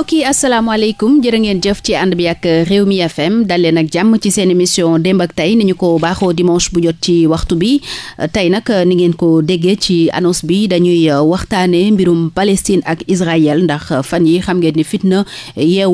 mbokk yi asalaamaaleykum jërë ngeen jëf ci ànd bi ak Rewmi FM dal leen ak jàmm ci seen émission démb ak tey ni ñu ko baaxoo dimanche bu jot ci waxtu bi tey nag ni ngeen ko déggee ci annonce bi dañuy waxtaanee mbirum Palestine ak Israël ndax fan yi xam ngeen ni fitna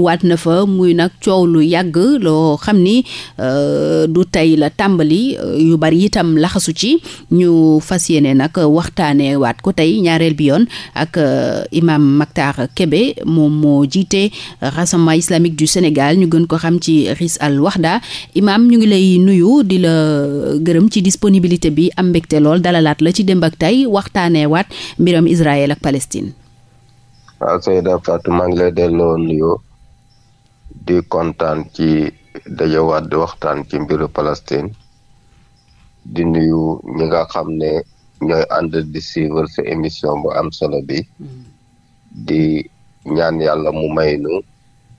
waat na fa muy nag coow lu yàgg loo xam ni euh, du tey la tàmbali yu bari itam laxasu ci ñu fas yéene nag waxtaanee waat ko tey ñaareel bi yoon ak euh, imam Mactar Kébé moom moo jiite rassemblement islamique du Sénégal ñu gën ko xam ci RIS Al Wahda imam ñu ngi lay nuyu di la gërëm ci disponibilité bi am mbégte lool dalalaat la ci démb ak tey waxtaanee waat mbiram Israël ak Palestine. waaw Seyda Fatou maa ngi lay delloo nuyoo di kontaan ci dajawaat di waxtaan ci mbiru Palestine di nuyu ñi nga xam ne ñooy ànd di suivre sa émission bu am solo bi mm-hmm. di ñaan yàlla mu may nu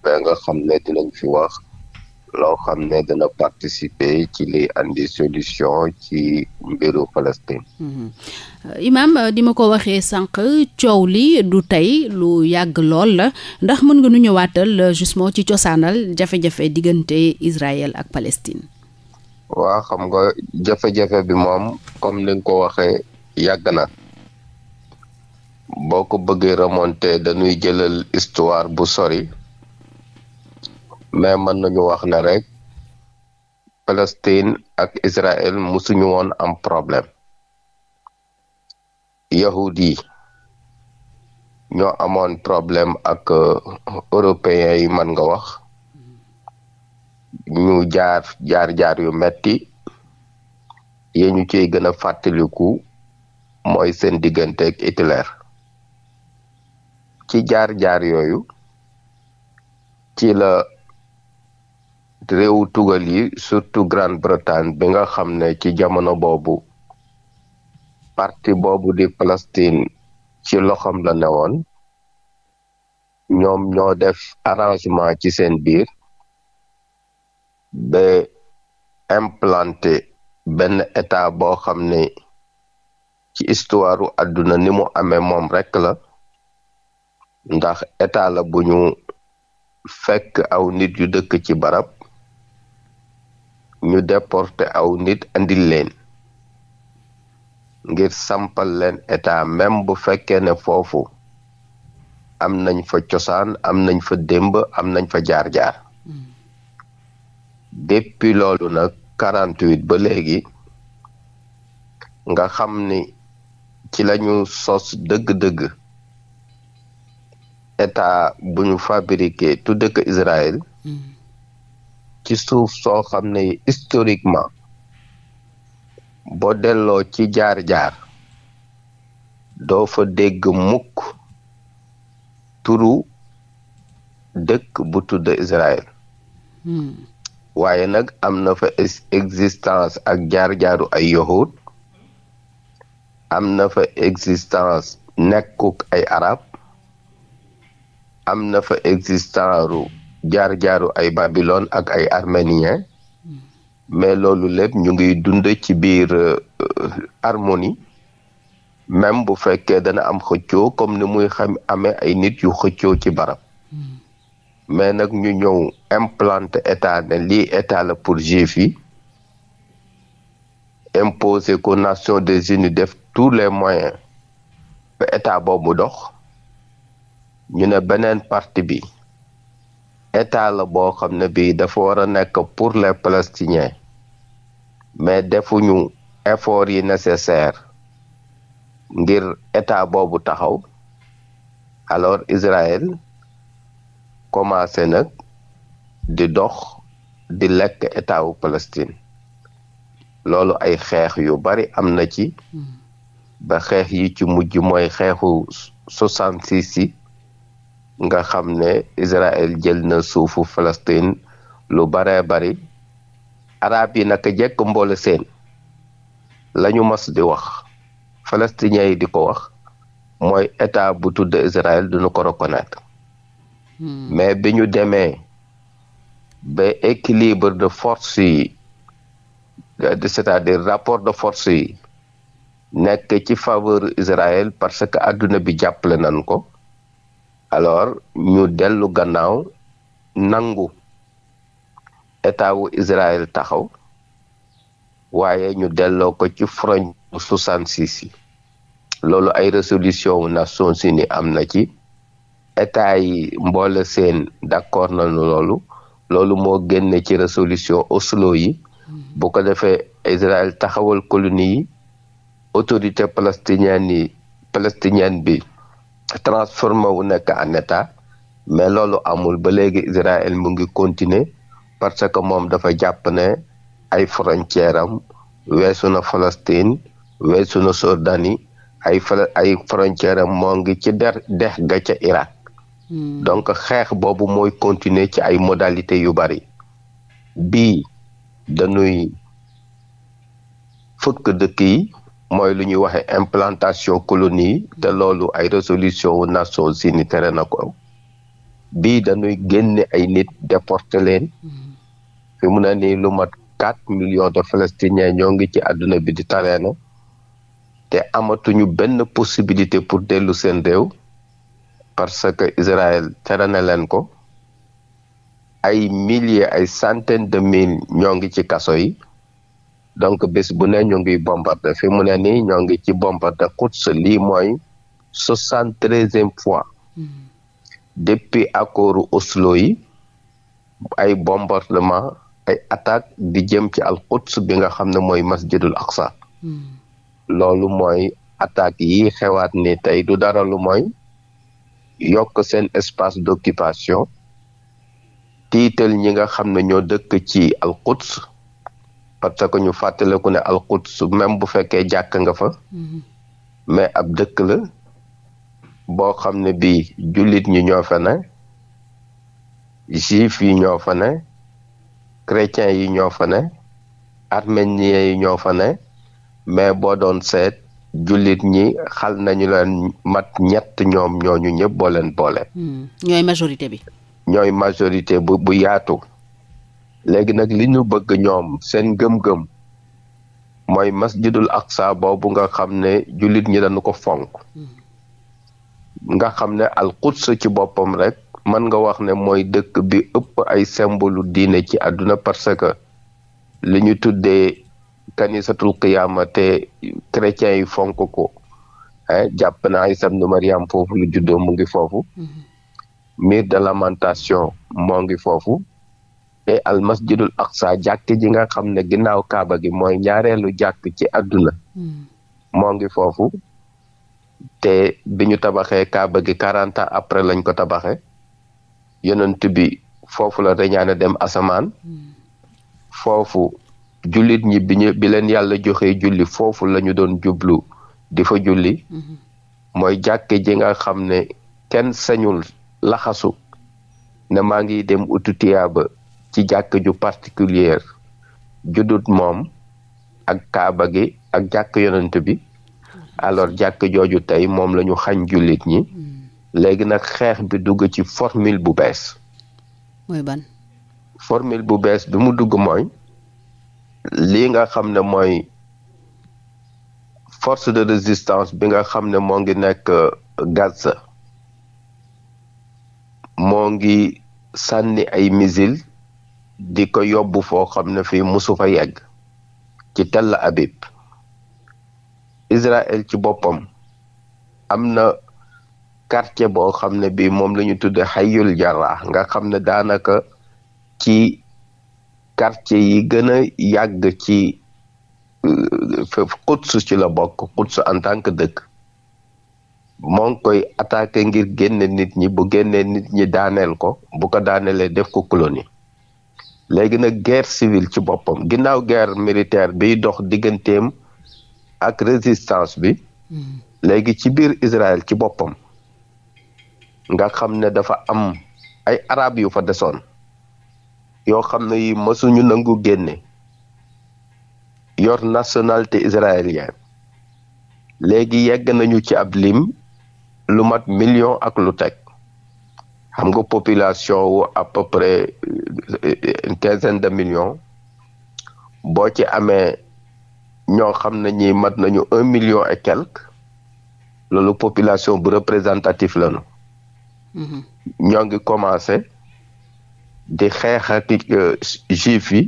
ba nga xam ne dinañ fi wax loo xam ne dina participer ci li andi solution ci mbiru Palestine. Mhm. Imaam euh, di ma ko waxee sànq coow li du tey lu yàgg lool la ndax mën nga nu ñëwaatal euh, justement ci cosaanal jafe-jafe diggante Israël ak Palestine. waa xam nga jafe-jafe bi moom comme ni nga ko waxee yàgg na. boo ko bëggee remonter dañuy jëlal histoire bu sori mais mën nañu wax na rek Palestine ak Israël musuñu woon am problème yahud yi ñoo amoon problème ak euh, européens yi mën nga wax ñu jaar jaar jaar yu metti yi ñu ciy gën a fàttaliku mooy seen diggante ak Hitler ci jaar-jaar yooyu ci la réewu tugal yi surtout Grande-Bretagne bi nga xam ne ci jamono boobu parti boobu di Palestine ci loxom la ne newoon ñoom ñoo def arrangement ci seen biir ba implanté benn état boo xam ne ci histoire u àdduna ni mu amee moom rekk la ndax état la bu ñu fekk aw nit yu dëkk ci barab ñu déporter aw nit andil leen ngir sampal leen état même bu fekkee ne foofu am nañ fa cosaan am nañ fa démb am nañ fa jaar-jaar mm. depuis loolu nag quarante ba léegi nga xam ni ci lañu sos dëgg-dëgg état bu ñu fabriqué tu dëkk Israël mm. ci suuf soo xam ne historiquement boo delloo ci jaar-jaar doo fa dégg mukk turu dëkk bu tudd Israël mm. waaye nag am na fa existence ak jaar-jaaru ay yahud am na fa existence nekkuk ay arab am na fa existaaru jaar-jaaru ay Babylone ak ay arménien mais loolu lépp ñu ngi dund ci biir euh, harmonie même bu fekkee dana am xëccoo comme ni muy xam amee ay nit yu xëccoo ci barab mais nag ñu ñëw implante état ne lii état la pour juif yi imposé ko des unies def tous les moyens ba état boobu dox ñu ne beneen parti bi état la boo xam ne bii dafa war a nekk pour les palestiniens mais defuñu effort yi nécessaire ngir état boobu taxaw alors Israël commencé nag di dox di lekk état wu Palestine loolu ay xeex yu bari am na ci hmm. ba xeex yi ci mujj mooy xeexu soixante-six yi nga xam ne Israël jël na suufu Palestine lu baree bari arab yi naka jekk mboole seen lañu mas di wax palestiniens yi di ko wax mooy état bu tudd Israël duñu ko reconnaître hmm. mais bi ñu demee ba équilibre de force yi c'est-à-dire rapport de force yi nekk ci faveur Israël parce que adduna bi jàppale nan ko alors ñu dellu gannaaw nangu état wu Israël taxaw waaye ñu delloo ko ci froñ bu soixante six yi loolu ay résolution wu Nations Unies am na ci état yi mboole seen d'accord nanu loolu loolu moo génne ci résolution Oslo yi mm-hmm. bu ko defee Israël taxawal colonie yi autorité palestinienne yi palestinienne bi transformé wu nekk en état mais loolu amul ba léegi Israël mu ngi continuer parce que moom dafa jàpp ne ay frontière weesu na Palestine weesu na Jordanie ay fala ay moo ngi ci der dex ga ca Irak hmm. donc xeex boobu mooy continuer ci ay modalité yu bari bii dañuy fëkk dëkk yi mooy lu ñuy waxee implantation colonie te loolu ay résolution wu Nations Unies tere na ko bii dañuy génne ay nit déporté leen fi mu ne nii lu mat quatre millions de palestiniens ñoo ngi ci àdduna bi di tareena te amatuñu benn possibilité pour dellu seen réew parce que Israël tere na leen ko ay milliers ay centaines de mille ñoo ngi ci kaso yi donc bés bu ne ñu ngi bombardé fi mu ne nii ñoo ngi ci bombardé Quds lii mooy soixante treizième fois mm-hmm. depuis accordu Oslo yi ay bombardement ay attaque di jëm ci al bi nga xam ne mooy masjidul Aqsa mm-hmm. loolu mooy attaque yi xewaat ni tey du dara lu mooy yokk seen espace d'occupation tiital ñi nga xam ne ñoo dëkk ci al Quds parce que ñu fàttaliku ne alquds même bu fekkee jàkk nga fa mhm. mais ab dëkk la boo xam ne bi jullit ñi ñoo fa ne juif yi ñoo fa ne chrétien yi ñoo fa ne arménien yi ñoo fa ne mais boo doon seet jullit ñi xal nañu leen mat ñett ñoom ñooñu ñëpp boo leen boole hmm. ñooy majorité bi ñooy majorité bu bu yaatu léegi nag li ñu bëgg ñoom seen gëm-gëm mooy mas masjidul aqsa boobu nga xam ne jullit ñi dañu ko fonk mm-hmm. nga xam ne alquds ci boppam rek man nga wax ne mooy dëkk bi ëpp ay symbolu diine ci àdduna parce que li ñu tuddee kanisatul qiyaama te chrétiens yi fonk ko eh jàpp na Isa ibn Maryam foofu lu juddoo mu ngi foofu mur mm-hmm. de lamentation moo ngi foofu jàppee almasjidul aqsa jàkk ji nga xam ne ginnaaw kaaba gi mooy ñaareelu jàkk ci àdduna hmm. moo ngi foofu te bi ñu tabaxee kaaba gi quarante ans après lañ ko tabaxee yonent bi foofu la reñaane dem asamaan hmm. foofu jullit ñi bi leen yàlla joxee julli foofu lañu doon jublu di fa julli hmm. mooy jàkk ji nga xam ne kenn sañul laxasu ne maa ngi dem utu ci jàkk ju particulière judut moom ak kaaba gi ak jàkk yonent bi alors jàkk jooju tey moom lañu ñu xañ jullit ñi hmm. léegi nag xeex bi dugg ci formule bu bees mooy formule bu bees bi mu dugg mooy lii nga xam ne mooy force de résistance bi nga xam ne moo ngi nekk euh, Gaza moo ngi sànni ay misile di ko yóbbu foo xam ne fii musu fa yegg ci Tel Abib Israël ci boppam am na quartier boo xam ne bii moom la ñu xayul Hayyul nga xam ne daanaka ci quartier yi gën a yàgg ci euh, Quds ci la bokk Quds en tant que dëkk moo koy attaqué ngir génne nit ñi bu génnee nit ñi daaneel ko bu ko daanelee def ko colonie léegi nag guerre civile ci boppam ginnaaw guerre militaire biy dox digganteem ak résistance bi hmm. léegi ci biir Israël ci boppam nga xam ne dafa am ay arab yu fa desoon yoo xam ne yi mësuñu nangu génne yor nationalité israélienne léegi yegg nañu ci ab lim lu mat million ak lu teg xam nga population wu à peu près euh, une quinzaine de million boo ci amee ñoo xam ne ñii mat nañu un million et quelque loolu population bu représentatif lañu mm-hmm. ñoo ngi commencé di xeex ak euh, juif yi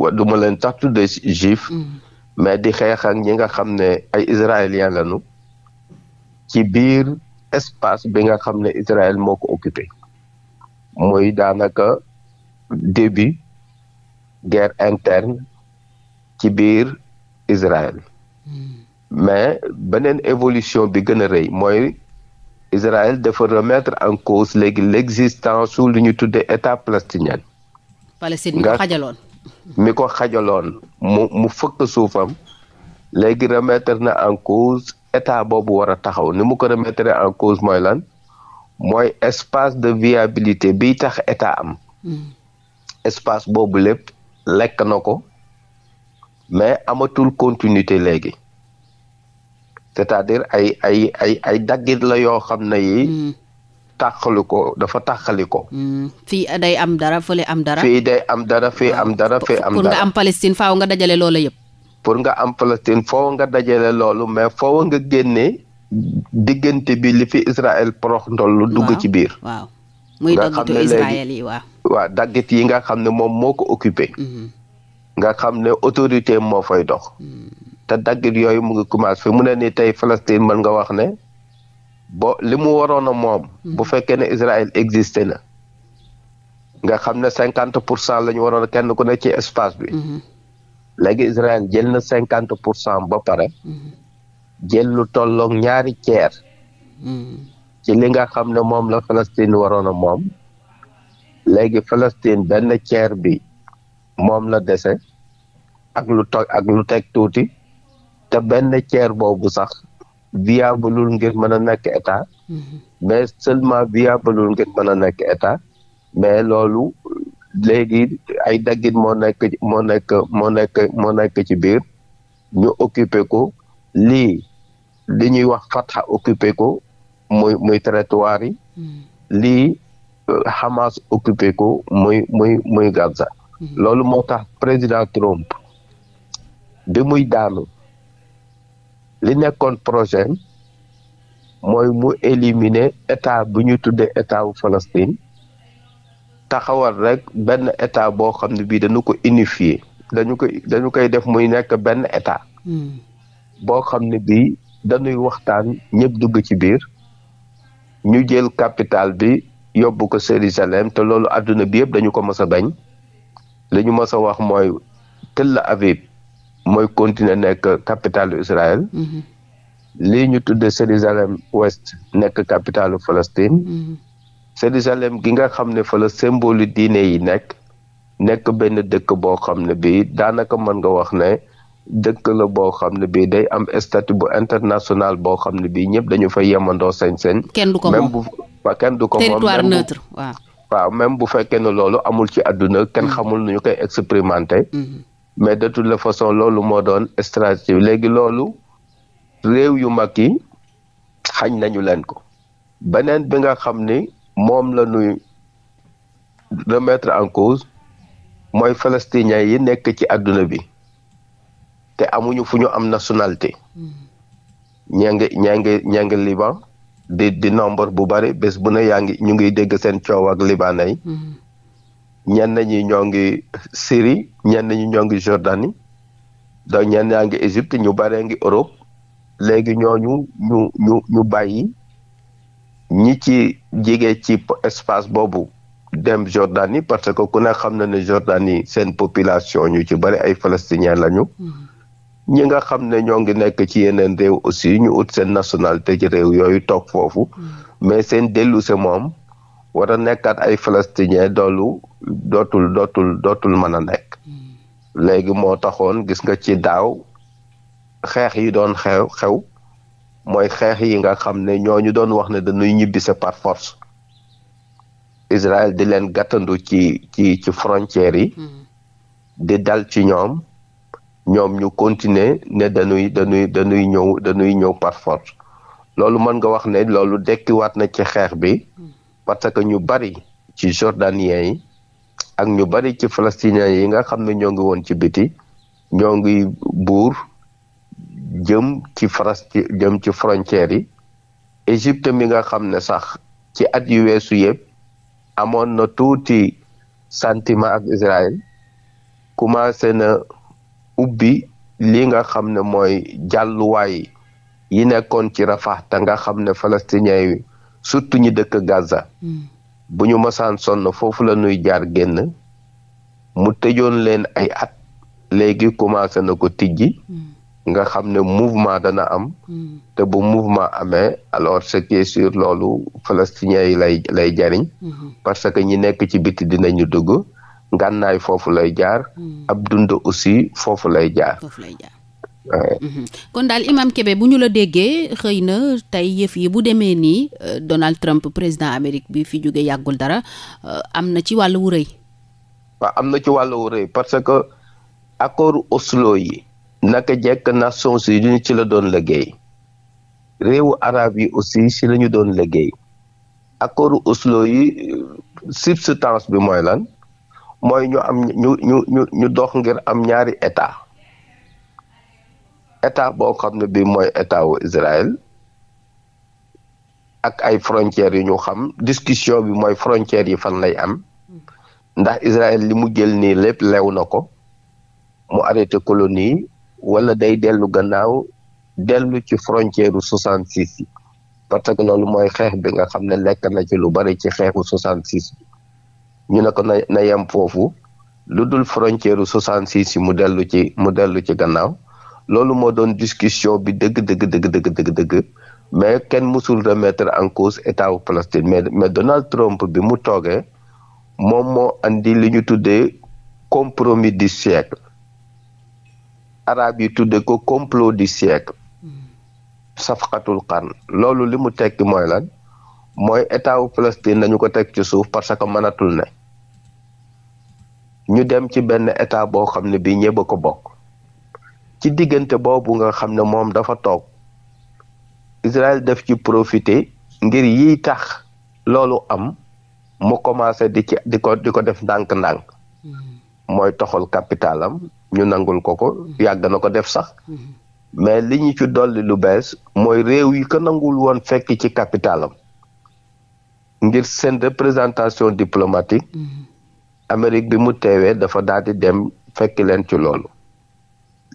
wa du ma leen tax tuddee juif mm-hmm. mais di xeex ak ñi nga xam ne ay israélien lañu ci biir espace bi nga xam ne Israël moo ko occupé mooy daanaka début guerre interne ci biir Israël hmm. mais beneen évolution bi gën a rëy mooy Israël dafa remettre en cause léegi l'existence su lu ñu tuddee état palestinien Palestine mi ko xajaloon mi ko xajaloon mu mu fëkk suufam léegi remettre na en cause état boobu war a taxaw ni mu ko remettre en cause moy lan mooy espace de viabilité bi tax état am hmm. espace boobu lépp lekk na ko mais amatul continuité léegi c'est-à-dire ay ay ay ay daggit la yoo xam ne yi hmm. tàqali ko dafa tàqali ko. Hmm. fii day am dara fële am dara. fii day am dara fii am dara fii am dara. pour nga am Palestine faaw nga dajale loolu yëpp. pour nga am Palestine foo nga dajale loolu mais foo nga génnee diggante bi li fi Israël porox ndollu dugg ci biir. waaw muy daggitu waaw. waaw yi nga xam ne moom moo ko occupé. Mhm. nga xam ne autorité moo foy dox. Mhm. te daggit yooyu mu ngi commencé fi mu ne nii tey Palestine mën nga wax ne. bo li mu waroon a moom. bu mhm. fekkee ne Israël existé na. nga xam ne cinquante pour cent la ñu waroon kenn ku ne ci espace bi. léegi Israël jël na cinquante pour cent ba pare. jël lu tolloog ñaari ceer hmm. ci li nga xam ne moom la Palestine waroon a moom léegi Palestine benn ceer bi moom la dese ak lu lu teg tuuti te benn ceer boobu sax viableul ngir mën a nekk état hmm. mais seulement viableul ngir mën a nekk état mais loolu léegi ay daggit moo nekk moo nekk moo nekk ci biir ñu occupé ko lii li ñuy wax Fatah occupé ko muy muy territoire yi hmm. lii euh, Hamas occupé ko muy muy muy Gaza hmm. loolu moo tax président Trump bi muy daanu li nekkoon projet mooy mu éliminer état bu ñuy tuddee état wu Palestine taxawal rek benn état boo xam ne bii dañu ko unifier dañu koy dañu koy def muy nekk benn état hmm. boo xam ne bii dañuy waxtaan ñëpp dugg ci biir ñu jël capital bi yóbbu ko Jérusalem te loolu àdduna bi yëpp dañu ko mos a bañ li ñu mos a wax mooy Tel Aviv mooy continuer nekk capitalu Israël mhm. lii ñu tudd Jérusalem west nekk capitalu Palestine mhm. Jérusalem gi nga xam ne fa la symbole diine yi nekk nekk benn dëkk boo xam ne bii daanaka mën nga wax ne dëkk la boo xam ne bii day am statut bu international boo xam ne bii ñëpp dañu fay yemandoo sañ-sañ. kenn ko bu kenn du ko moom territoire neutre waaw. waaw même bu fekkee ne loolu amul ci àdduna kenn mm-hmm. xamul nu ñu koy expérimenter. Mm-hmm. mais de toute la façon loolu moo doon stratégie léegi loolu réew yu mag yi xañ nañu leen ko. beneen bi nga xam ni moom la ñuy remettre en cause mooy palestiniens yi nekk ci àdduna bi. te amuñu fu ñu am nationalité ñaa ngi ñaa ngi Liban di nombre bu bari bés bu ne yaa ngi ñu ngi dégg seen coow ak libanais mm-hmm. ñenn ñi ñoo ngi Syrie ñenn ñi ñoo ngi Jordanie donc ñenn yaa ngi Égypte ñu baree ngi Europe léegi ñooñu ñu ñu ñu bàyyi ñi ci jege ci espace boobu dem Jordanie parce que ku ne xam na ne Jordanie seen population ñu ci bari ay palestiniens lañu. Mm-hmm. ñi nga xam ne ñoo ngi nekk ci yeneen réew aussi ñu ut seen nationalité ci réew yooyu toog foofu mm. mais seen dellu si moom wara nekkaat ay palestinien doolu dootul dootul dootul mën a nekk mm. léegi moo taxoon gis nga ci daaw xeex yi doon xew xew mooy xeex yi nga xam ne ñoo ñu doon wax ne dañuy ñibbi sa force Israël di leen gàttandu ci ci ci frontières yi mm. di dal ci ñoom ñoom ñu continuer ne dañuy dañuy dañuy ñëw dañuy ñëw par loolu mën nga wax ne loolu dekkiwaat na ci xeex bi parce que ñu bari ci jordaniens yi ak ñu bari ci palestiniens yi nga xam ne ñoo ngi woon ci biti ñoo ngi buur jëm ci faras jëm ci frontières yi Égypte mi nga xam ne sax ci at yu weesu yëpp amoon na tuuti santiment ak Israël commencé na ubbi li nga xam ne mooy jàlluwaay yi nekkoon ci Rafah te nga xam ne palestiniens yi surtout ñi dëkk Gaza hmm. bu ñu masaan sonn foofu la nuy jaar génn mu tëjoon leen ay at léegi commencé na ko tijji hmm. nga xam ne mouvement dana am hmm. te bu mouvement amee alors ce qui loolu palestiniens yi lay lay jariñ parce que ñi nekk ci biti dina ñu dugg ngànnaay foofu lay jaar hmm. ab dund aussi foofu lay jaar mhm. kon daal Imam Kébé bu ñu la déggee xëy na tey yëf yi bu demee nii euh, Donald Trump président Amérique bi fi jóge yàggul dara euh, am na ci wàll wu rëy waaw am na ci wàll wu rëy parce que accord Oslo yi naka jekk Nations Unies ci la doon liggéey réewu arab yi aussi ci la doon liggéey accord Oslo yi euh, substance bi mooy lan mooy ñu am ñu ñu ñu ñu dox ngir am ñaari état état boo xam ne bii mooy état wu Israël ak ay frontières yu ñu xam discussion bi mooy frontières yi fan lay am ndax Israël li mu jël nii lépp lew na ko mu arrêté colonie wala day dellu gannaaw dellu ci frontière u soixante six yi parce que loolu mooy xeex bi nga xam ne lekk na ci lu bari ci xeexu soixante six ñu ne ko na na yem foofu lu dul frontière soixante six yi mu dellu ci mu dellu ci gannaaw loolu moo doon discussion bi dëgg dëgg dëgg dëgg dëgg mais kenn mësul remettre en cause état wu mais mais Donald Trump bi mu toogee moom moo indi li ñu tuddee compromis di siècle arab yi tuddee ko complot di siècle hmm. safqatul qarn loolu li mu tekki mooy lan mooy état wu Palestine dañu ko teg ci suuf parce que mënatul ne ñu dem ci benn état boo xam ne bii ñëpp ko bokk ci diggante boobu nga xam ne moom dafa toog Israël def ci profiter ngir yiy tax loolu am mu commencé di ci di ko di ko def ndànk-ndànk mm-hmm. mooy toxal capitalam ñu nangul ko ko mm-hmm. yàgg na ko def sax mm-hmm. mais li ñu ci dolli lu bees mooy réew yi ko nangul woon fekk ci capitalam ngir seen représentation diplomatique mhm. Amérique bi mu teewee dafa daal dem fekk leen ci loolu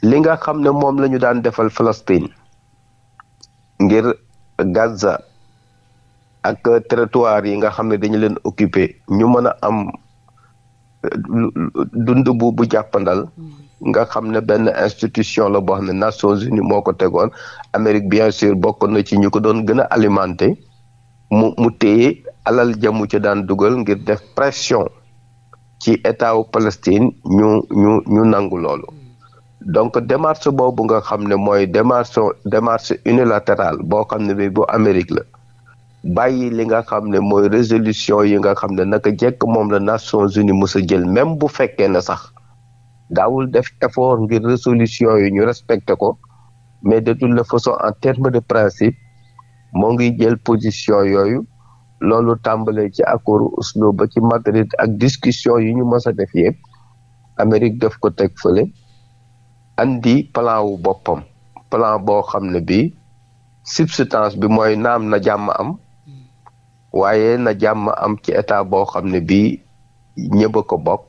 li nga xam ne moom la ñu daan defal Palestine ngir Gaza ak territoire yi nga xam ne dañu leen occupé ñu mën a am euh, dund bu bu jàppandal mhm. nga xam ne benn institution la boo xam ne Nations Unies moo ko tegoon Amérique bien sûr bokk na ci ñu ko doon gën a alimenté mu mu téye alal jamu ci daan dugal ngir def pression ci état wu Palestine ñu ñu ñu nangu loolu donc demarche boobu nga xam ne mooy démarche démarche unilatérale boo xam ne bi bu Amérique la bàyyi li nga xam ne mooy résolution yi nga xam ne naka jekk moom la Nations Unies mës a jël même bu fekkee na sax daawul def effort ngir résolution yi ñu respecté ko mais de toute façon en terme de principe moo ngi jël position yooyu loolu tàmbalee ci accord Oslo ba ci Madrid ak discussion yu ñu mës a def yëpp Amérique def ko teg fële andi plan wu boppam plan boo xam ne bii substance bi mooy naam na jàmm am waaye na jàmm am ci état boo xam ne bii ñëpp ko bokk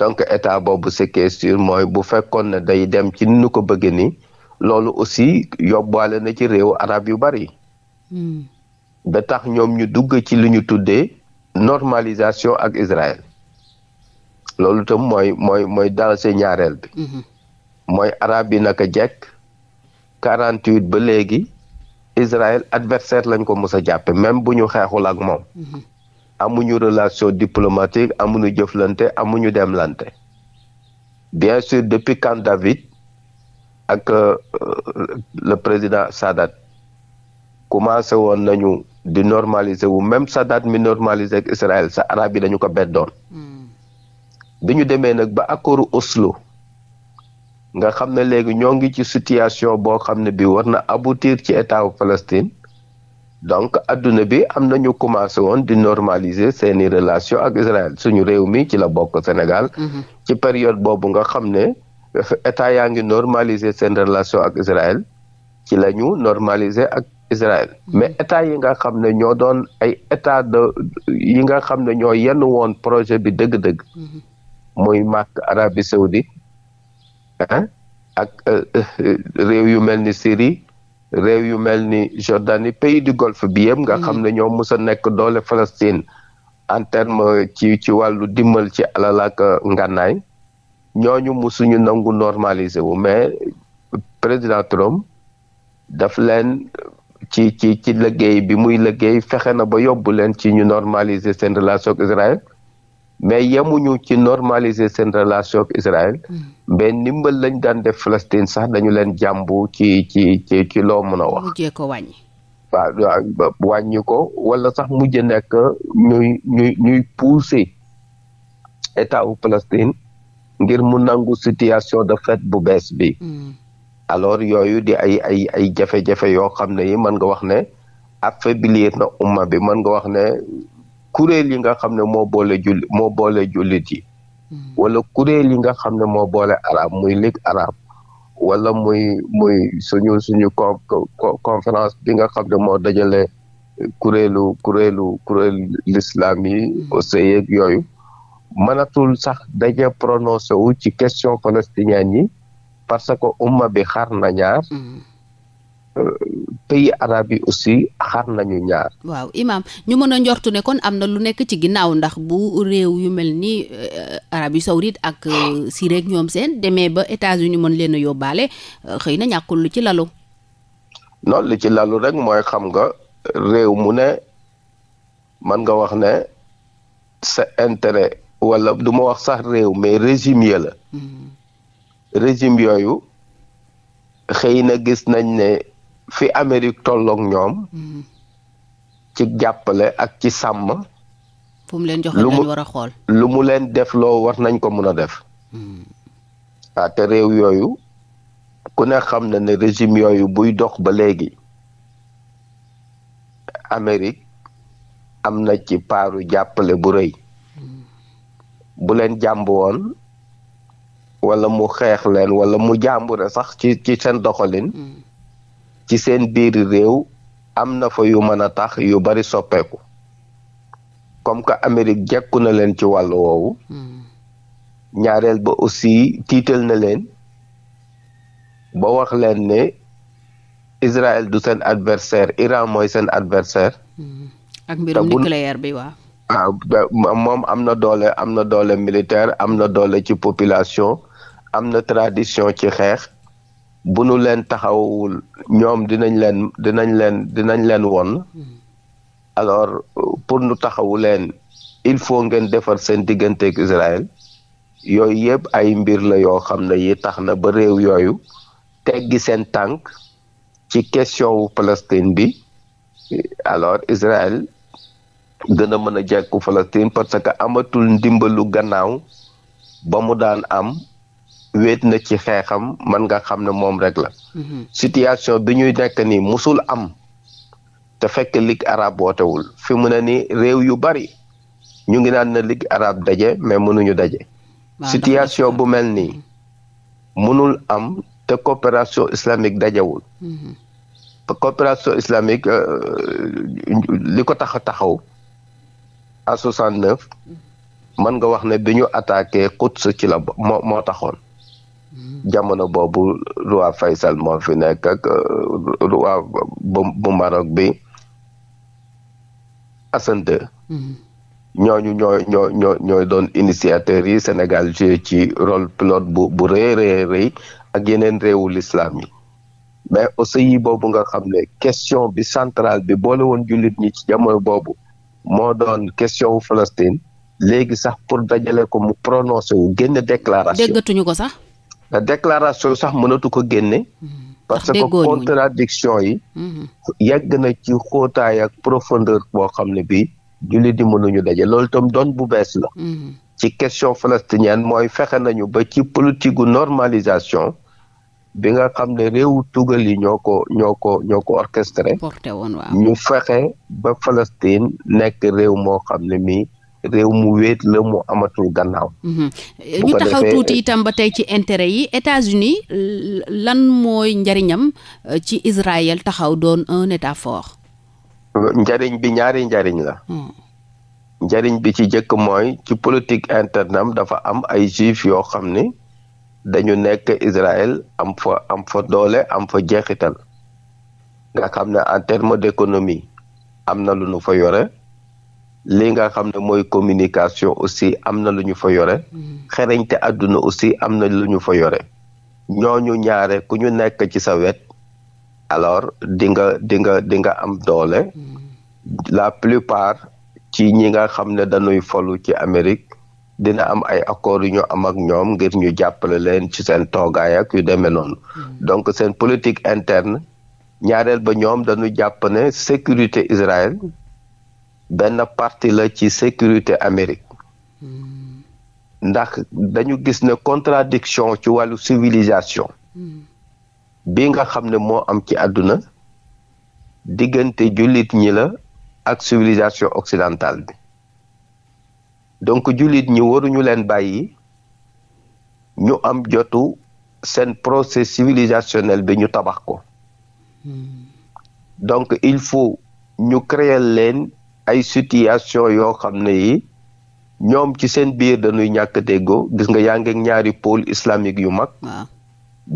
donc état boobu c'est question mooy bu fekkoon ne day dem ci nu ko bëgg ni loolu aussi yobbale na ci réew arab yu bari. Hmm. ba tax ñoom ñu dugg ci lu ñu tuddee normalisation ak Israël loolu tam mooy mooy mooy dal se ñaareel bi mhm. mooy arab yi naka jekk quarante huit ba léegi Israël adversaire lañ ko mos a jàppe même bu ñu xeexul ak moom mhm. amuñu relation diplomatique amuñu jëflante amu amuñu demlante bien sûr depuis Camp David ak euh, le président Sadat commencé woon nañu di normaliser wu même Sadat mi normaliser ak Israël sa arab yi dañu ko beddoon. Hmm. bi ñu demee nag ba accordu Oslo nga xam ne léegi ñoo ngi ci situation boo xam ne bi war na aboutir ci état wu donc adduna bi am na ñu commencé woon di normaliser seeni relation ak Israël suñu réew mi ci la bokk Sénégal. Hmm. ci période boobu nga xam ne état yaa ngi normaliser seen relation ak Israël ci la ñu ak. Israël mm-hmm. mais état yi nga xam ne ñoo doon ay état de yi nga xam ne ñoo yenn woon projet bi dëgg-dëgg mm-hmm. muy màkk Arabie Saoudite ah ak euh, euh, réew yu mel ni Syrie réew yu mel ni Jordanie pays du Golfe bi yëpp nga xam mm-hmm. ne ñoo mës a nekk doole Palestine en terme euh, ci ci wàllu dimbal ci alal ak ngànnaay ñooñu musuñu nangu normaliser wu mais président Trump daf leen ci ci ci liggéey bi muy liggéey fexe na ba yóbbu leen ci ñu normaliser seen relation ak Israël mais yemuñu ci normaliser seen relation ak Israël mm. mais ndimbal lañ daan def Palestine sax dañu leen jàmbu ci ci ci ci loo mën a wax. mujjee ko wàññi. waaw wala sax mujj nekk ñuy ñuy ñuy pousser état wu Palestine ngir mu nangu situation de fait bu bees bi. Mm. alors yooyu di ay ay ay jafe-jafe yoo xam ne yi mën nga wax ne affaiblir na umma bi mën nga wax ne kuréel yi nga xam ne moo boole julli moo boole jullit yi hmm. wala kuréel yi nga xam ne moo boole arab muy ligue arab wala muy muy suñu suñu con conférence bi nga xam ne moo dajale kuréelu kuréelu kuréelu l'islam yi hmm. OCE yooyu mënatul sax daje prononcé wu ci question palestinienne yi parce que umma bi xar na ñaar. Mm-hmm. pays arabe yi aussi xar nañu ñaar. waaw imam ñu mën a njortu ne kon am na lu nekk ci ginnaaw ndax bu réew yu mel ni euh, Arabie Saoudite ak euh, Syrie ak ñoom seen demee ba États-Unis mën leen a yóbbaale euh, xëy na ñàkkul lu ci lalu. non lu ci lalu rek mooy xam nga réew mu ne mën nga wax ne sa intérêt wala duma wax sax réew mais régime la. Mm-hmm. résim yooyu xëy na gis nañ ne fi Amérique tolloog ñoom mm. ci jàppale ak ci sàmm fu mu lu mu leen def loo war nañ ko mun a def waaw mm. ah, te réew yooyu ku ne xam na ne régime yooyu buy dox ba léegi amerig am na ci paaru jàppale bu rëy mm. bu leen jàmb woon wala mu xeex leen wala mu jàmbure sax ci ci seen doxalin mm. ci seen biir réew am na fa yu mën a tax yu bari soppeeku comme que Amérique jekku na leen ci wàll woowu mm. ñaareel ba aussi tiital na leen bo wax leen ne Israël du seen adversaire Iran mooy seen adversaire mm. ak mbirum ah, moom am na doole am na doole militaire am na doole ci population am na tradition ci xeex bu nu leen taxawul ñoom dinañ leen dinañ leen dinañ leen won alors pour nu taxawu leen il faut ngeen defar seen digganteeg Israël yooyu yëpp ay mbir la yoo xam ne yi tax na ba réew yooyu teggi seen tànk ci question wu Palestine bi alors Israël gën a mën a jekku Palestine parce que amatul ndimbalu gannaaw ba mu daan am wéet na ci xeexam man nga xam ne moom rek la. Mm-hmm. situation bi ñuy nekk nii mësul am. te fekk ligue arabe wootewul fi mu ne nii réew yu bari ñu ngi naan na ligue arabe daje mais mënuñu daje. situation bu mel nii mënul mm-hmm. am te coopération islamique dajewul. Mm-hmm. coopération islamique euh, li ko tax a taxaw à 69 nga wax ne bi ñu attaqué Quds ci la moo moo taxoon. jamono boobu roi Faysal moo fi nekk ak roi euh, bu bu bi Hassan mm-hmm. ñooñu ñoo ñoo ñooy doon initiateur yi Sénégal ci rôle pilote bu bu rëy rëy ak yeneen réewu l'islam yi mais aussi yi boobu nga xam ne question bi centrale bi boole woon jullit ñi ci jamono boobu moo doon question wu Palestine léegi sax pour dajale ko mu prononcé wu génn déclaration déggatuñu ko sax déclaration sax mënatu ko génne mm-hmm. parce que contradiction yi mm-hmm. yegg na ci xóotaay ak profondeur boo xam ne bii jullit di mënuñu daje loolu itam doon bu bees la mm-hmm. ci question palestinienne mooy fexe nañu ba ci politique gu normalisation bi nga xam ne réewu tugal yi ñoo ko ñoo ko ñoo ko orchestré ñu fexe ba Palestine nekk réew moo xam ne mii réew mu wéet la mu amatul gannaaw. Mhm. ñu taxaw tuuti itam ba tey ci intérêt yi États-Unis lan mooy njariñam euh, ci Israël taxaw doon un état fort. njariñ bi ñaari njariñ la. Hmm. njariñ bi ci jëkk mooy ci politique internam dafa am ay juif yoo xam ni dañu nekk Israël am fa am fa doole am fa jeexital. nga xam ne en terme d'économie am na lu nu fa yore. li nga xam ne mooy communication aussi am na lu ñu fa yore mm-hmm. xereñte àdduna aussi am na lu ñu fa yore ñooñu ñaare ku ñu nekk ci sa wet alors di nga dinga dinga am doole mm-hmm. la plupart ci ñi nga xam ne dañuy folu ci Amérique dina am ay accords yu ñu am ak ñoom ngir ñu jàppale leen ci seen toogaay ak yu demee noonu mm-hmm. donc seen politique interne ñaareel ba ñoom dañu jàpp ne sécurité Israël benn parti la ci sécurité Amérique ndax dañu gis ne contradiction ci wàllu civilisation bi nga xam ne moo am ci àdduna diggante jullit ñi la ak civilisation occidentale bi donc jullit ñi waruñu leen bàyyi ñu am jotu seen procès civilisationnel bi ñu tabax ko hmm. donc il faut ñu créer leen ay situation yoo xam ne yi ñoom ci seen biir dañuy ñàkk déggoo gis nga yaa ngeeg ñaari pôle islamique yu mag wow.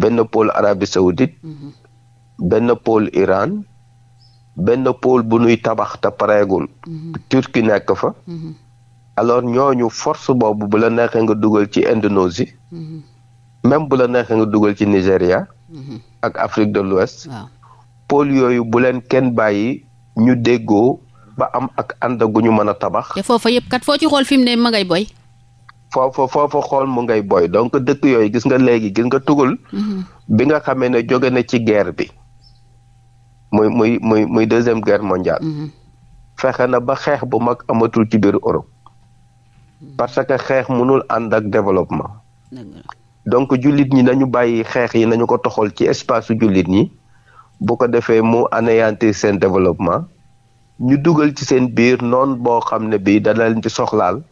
benn pôle Arabie Saoudite mm -hmm. benn pôle Iran benn pôle bu nuy tabax te pareegul mm -hmm. nekk fa mm -hmm. alors ñooñu force boobu bu la neexee nga dugal ci Indonésie mhm. même bu la neexee nga dugal ci nigeria mhm. ak Afrique de l'Ouest wow. yooyu bu leen kenn bàyyi ñu déggoo ba am ak ànd ak gu ñu mën a tabax. te foofa yëpp kat foo ci xool fi mu ne ma ngay boy. foofa foofa xool mu ngay boy donc dëkk yooyu gis nga léegi gis nga tugul. Mhm. bi nga xamee ne jóge na ci guerre bi. muy muy muy muy deuxième guerre mondiale. Mhm. fexe na ba xeex bu mag amatul ci biir Europe. Mhm. parce que xeex mënul ànd ak développement. donc jullit ñi nañu bàyyi xeex yi nañu ko toxal ci espace jullit ñi. bu ko defee mu anéantir seen développement. ñu dugal ci seen biir noonu boo xam ne bii dana leen ci soxlaal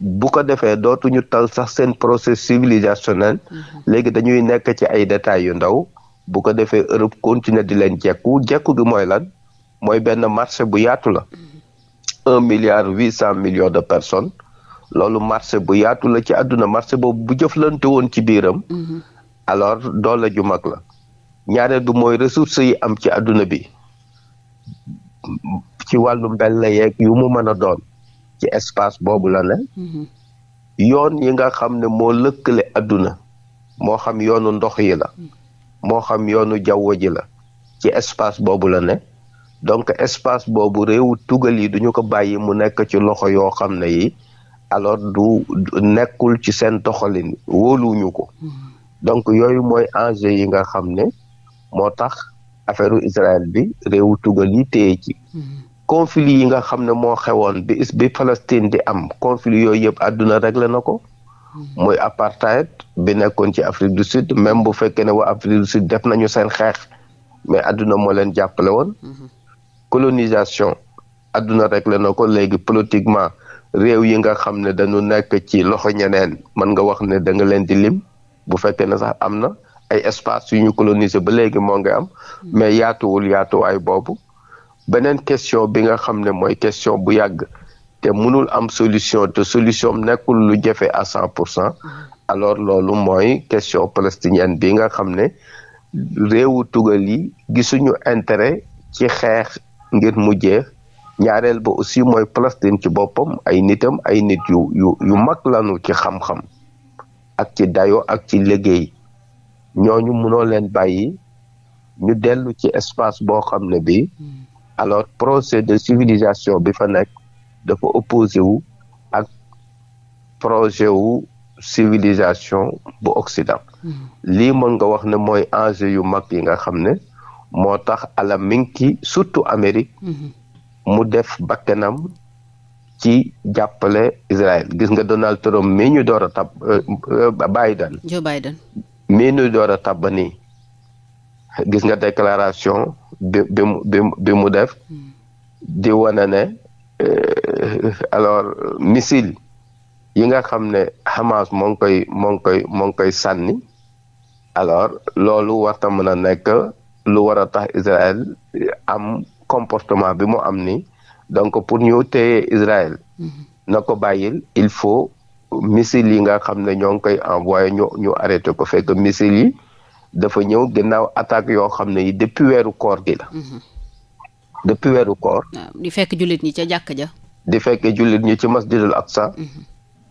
bu ko defee dootuñu tal sax seen process civilisationnel mhm. léegi dañuy nekk ci ay détails yu ndaw bu ko defee Europe continuer di leen jekku jekku gi mooy lan mooy benn marché bu yaatu la mhm. un milliard huit cent millions de personnes loolu marché bu yaatu la ci àdduna marché boobu bu jëflante woon ci biiram mhm. alors doole ju mag la ñaareel bi mooy ressources yi am ci àdduna bi ci wàllu mbel la yeeg yu mu mën a doon ci espace boobu la ne mhm. yoon yi nga xam ne moo lëkkale àdduna moo xam yoonu ndox yi la mhm. moo xam yoonu jaww ji la ci espace boobu la ne donc espace boobu réewu tugal yi duñu ko bàyyi mu nekk ci loxo yoo xam ne yi alors du nekkul ci seen doxalin wóoluwuñu ko mhm. donc yooyu mooy enjeu yi nga xam ne moo tax affaire Israël bi réewu tugal yi téye ci conflit yi nga xam ne moo xewoon bi is bi Palestine di am conflit yooyu yëpp àdduna réglé na ko muy hmm. apartheid bi nekkoon ci Afrique du Sud même bu fekkee ne waa Afrique du Sud def nañu seen xeex mais àdduna moo leen jàppale woon hmm. colonisation àdduna réglé na ko léegi politiquement réew yi nga xam ne dañu nekk ci loxo ñeneen mën nga wax ne da nga leen di lim bu fekkee ne sax am na ay espace yu ñu coloniser ba léegi moo ngi am hmm. mais yaatuwul yaatuwaay boobu beneen question bi nga xam ne mooy question bu yàgg te mënul am solution te solution nekkul lu jafe à cent pour cent mm-hmm. alors loolu mooy question palestinienne bi nga xam ne réewu tugal yi gisuñu intéret ci xeex ngir mu ñaareel ba aussi mooy Palestine ci boppam ay nitam ay nit yu yu yu mag lanu ci xam-xam ak ci dayo ak ci liggéey ñooñu mënoo leen bàyyi ñu dellu ci espace boo xam ne bi mm. alors procès de civilisation bi fa nekk dafa opposé wu ak projet wu civilisation bu Occident. Hmm. lii mën nga wax ne mooy enjeu yu mag yi nga xam ne moo tax ala minki surtout Amérique. Hmm. mu def bakkanam ci jàppale Israël gis nga Donald Trump mii ñu door a tab euh, euh, Biden. Joe Biden. mii ñu door a tab gis nga déclaration bi bi mu def di wane ne euh, alors missile yi nga xam ne Hamas moo ngi koy moo ngi koy moo ngi koy sànni alors loolu warta mën a nekk lu war a tax Israël am comportement bi mu am ni donc pour ñu téye Israël mm-hmm. na ko bàyyil il faut missile yi nga xam ne ñoo ngi koy envoyé ñu ñu arrêté ko fekk missile yi dafa ñëw gannaaw attaque yoo xam ne yi depuis weeru koor gi la. Mhm. depuis weeru koor. di fekk jullit ñi ca jàkk ja. di fekk jullit ñi ci masjidul aqsa mhm.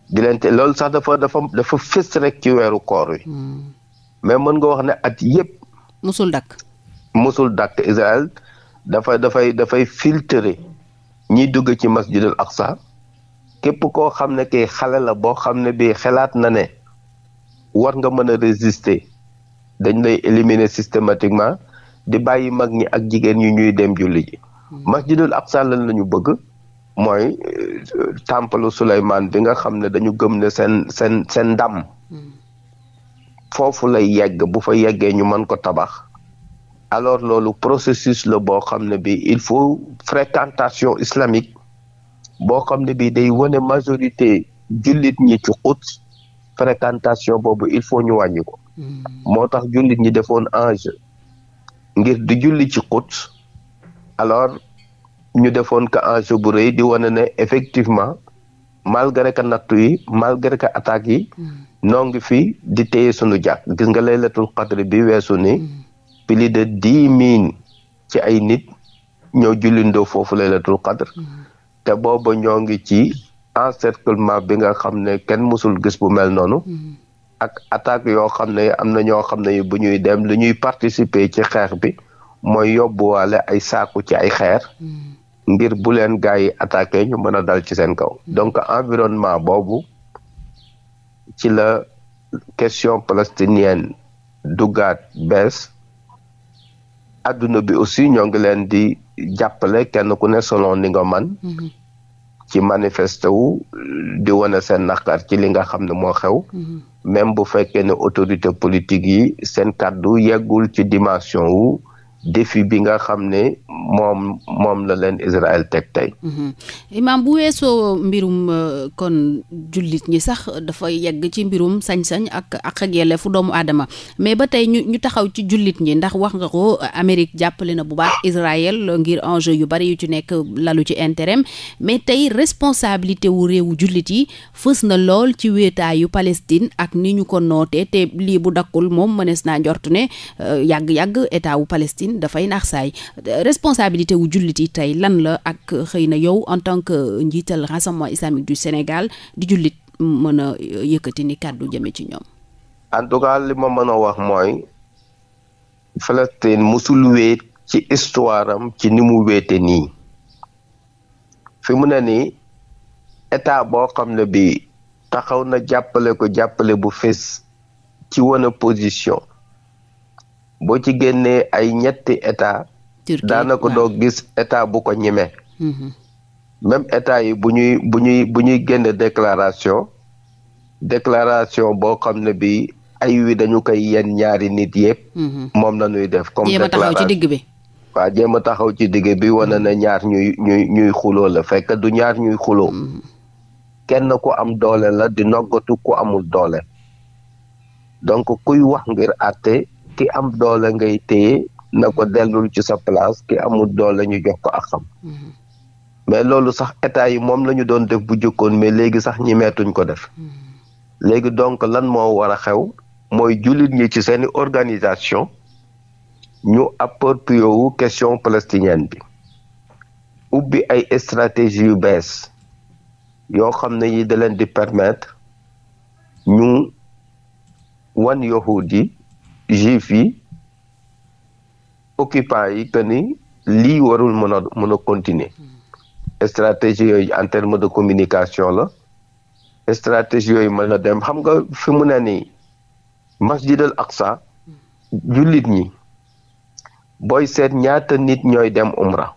di leen te loolu sax dafa dafa dafa fës rek ci weeru koor wi. Mhm. mais mën nga wax ne at yëpp. mosul dakk musul dakk Israël dafa dafay dafay filtrer ñiy dugg ci masjidul aqsa képp koo xam ne kii xale la boo xam ne bii xalaat na ne war nga mën a résister. dañ lay éliminer systématiquement di bàyyi mag ñi ak jigéen ñi ñuy dem julli ji hmm. masjidul aqsa lan la ñu bëgg mooy euh, tampalu Souleymane bi nga xam ne dañu gëm ne seen seen seen ndam hmm. foofu lay yegg bu fa yeggee ñu mën ko tabax alors loolu processus la boo xam ne bi il faut fréquentation islamique boo xam ne bi day wane majorité jullit ñi ci Quds fréquentation boobu il faut ñu wàññi ko. Hmm. moo tax jullit ñi defoon enjeu ngir di julli ci xut alors ñu defoon ko enjeu bu rëy di wane ne effectivement malgré que nattu yi malgré que attaques yi hmm. noo ngi fi di téye sunu jàkk gis nga laylatul qadr bi weesu ni hmm. plus de dix mille ci ay nit ñoo jullindoo foofu laylatul qadr te booba ñoo ngi ci encerclement bi nga xam ne kenn mësul gis bu mel noonu. Mm-hmm. ak attaque yoo xam ne am na ñoo xam ne bu ñuy dem li ñuy participer ci xeex bi mooy yóbbuwaale ay saaku ci ay xeer. Mm-hmm. ngir bu leen gars yi attaqué ñu mën a dal ci seen kaw. Mm-hmm. donc environnement boobu ci la question palestinienne dugaat bees. adduna bi aussi ñoo ngi leen di jàppale kenn ku ne selon ni nga man. ci manifester wu di wane seen naqar ci li nga xam ne moo xew. Mhm. même bu fekkee ne autorité politique yi seen kàddu yeggul ci dimension wu. defi bi nga xam ne moom moom la leen Israël teg tey. Mhm. imaam bu weesoo mbirum euh, kon jullit ñi sax dafa yegg ci mbirum sañ-sañ ak ak ak yelleefu doomu aadama mais ba tey ñu ñu taxaw ci jullit ñi ndax wax nga ko Amérique jàppale na bu baax Israël ngir enjeu yu bari yu ci nekk lalu ci intérêt mais tey responsabilité wu réewu jullit yi fës na lool ci wéetaayu Palestine ak ni ñu ko nootee te lii bu dakkul moom mënees naa njort ne euh, yàgg-yàgg état wu Palestine. dafay nax saay responsabilité wu jullit yi tey lan la ak xëy na yow en tant que njiital rassemblement islamique du Sénégal di jullit mën a yëkkati ni kàddu jëme ci ñoom en li ma mën a wax mooy Palestine mosul wéet ci histoire ci ni mu wéete nii fi mu ne nii état boo xam ne bi taxaw na jàppale ko jàppale bu fees ci wane position boo ci génnee ay ñetti état daanaka doo gis état bu ko ñemee mm-hmm. même état yi bu ñuy bu ñuy bu ñuy génn déclaration déclaration boo xam ne bi ay wi dañu koy yenn ñaari nit yëpp mm-hmm. moom la ñuy def comme jéem ci digg bi waaw jéem a taxaw ci digg bi wane na ñaar ñuy ñuy xuloo la fekk du ñaar ñuy xuloo mm-hmm. kenn ku am doole la di noggatu ku amul doole donc kuy wax ngir àtte ki am doole ngay téye na ko dellul ci sa place ki amul doole ñu jox ko ak mm-hmm. mais loolu sax état yi moom lañu doon def bu jëkkoon mais léegi sax ñi meetuñ ko def mm-hmm. léegi donc lan moo war a xew mooy jullit ñi ci seeni organisation ñu approprié wu question palestinienne bi ubbi ay stratégie yu bees yoo xam ne ñi da leen di permettre ñu wan yahud yi juif yi occupants yi que ni lii warul mën a mën a yooyu en de communication la stratégie yooyu mën na dem xam nga fi mu ne nii masjidal aqsa jullit ñi booy seet ñaata nit ñooy dem umra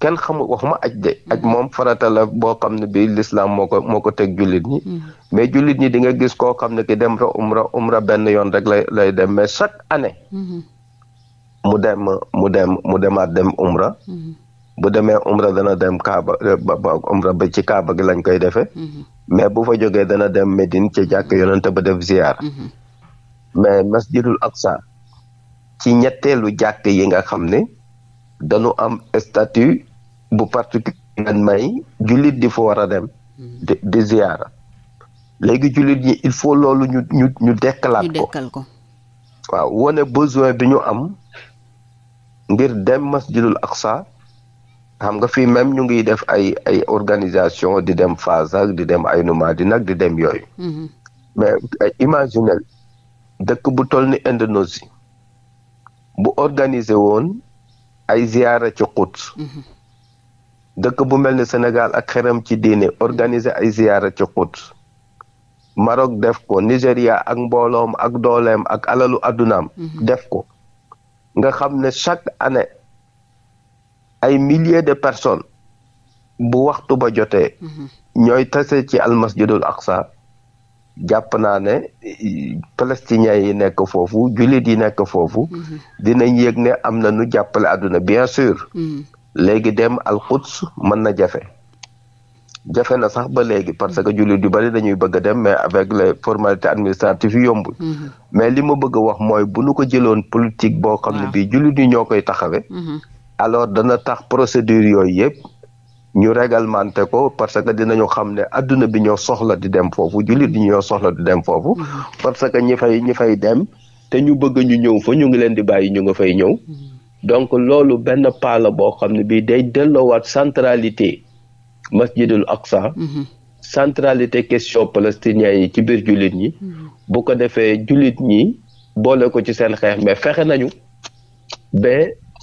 kenn xamul waxuma aj de mm-hmm. aj moom farata la boo xam ne bi lislaam moo ko moo ko teg jullit ñi mm-hmm. mais jullit ñi di nga gis koo xam ne ki dem ra umra benn yoon rek lay lay dem mais chaque année mm-hmm. mu dem mu dem mu demaat dem umra bu demee umra dana dem kaaba eh, ba ci kaaba gi lañ koy defee mais bu fa jógee dana dem Médine ci jàkk yonente ba def ziyaar mais masjidul aqsa ci ñetteelu jàkk yi nga xam ne dañu am statut bu particulièrement may jullit di fa war a dem mm-hmm. di ziyaara léegi jullit yi il faut loolu ñu ñu ñu dekkalaat ko waaw wone besoin bi ñu am ngir dem masjidul aqsa xam nga fii même ñu ngi def ay ay organisation di dem Faza di dem ay nomades nag di dem yooyu mm-hmm. mais imaginel dëkk bu toll ni Indonésie bu organisé woon ay ziyaara ci Quds mm-hmm. dëkk bu mel ni Sénégal ak xeram ci diine organiser ay ziyaara ci Quds Maroc def ko Nigéria ak mbooloom ak dooleem ak alalu addunaam mhm. def ko nga xam ne chaque année ay milliers de personnes bu waxtu ba jotee mhm. ñooy tase ci almasjidul aqsa jàpp naa ne palestiniens yi nekk foofu jullit yi nekk foofu mhm. dina yëg ne am na nu jàppale àdduna bien sûr léegi dem al alxuds mën na jafe jafe na sax ba léegi parce que jullit yu bari dañuy bëgg a dem mais avec les formalités administratives yu yombul mhm. mais li ma bëgg a wax mooy bu nu ko jëloon politique boo xam ne bii jullit yi ñoo koy taxawe mhm. alors dana tax procédure yooyu yëpp ñu réglementé ko parce que dinañu xam ne adduna bi ñoo soxla di dem foofu jullit yi ñoo soxla di dem foofu mhm. parce que ñi fay ñi fay dem te ñu bëgg ñu ñëw fa ñu ngi leen di bàyyi ñu nga fay ñëw donc loolu benn pas boo xam ne bii day delloowaat centralité masjidul aqsa mhm. centralité question palestinien yi ci biir jullit yi mhm. bu ko defee jullit ñi boole ko ci seen xeex mais fexe nañu ba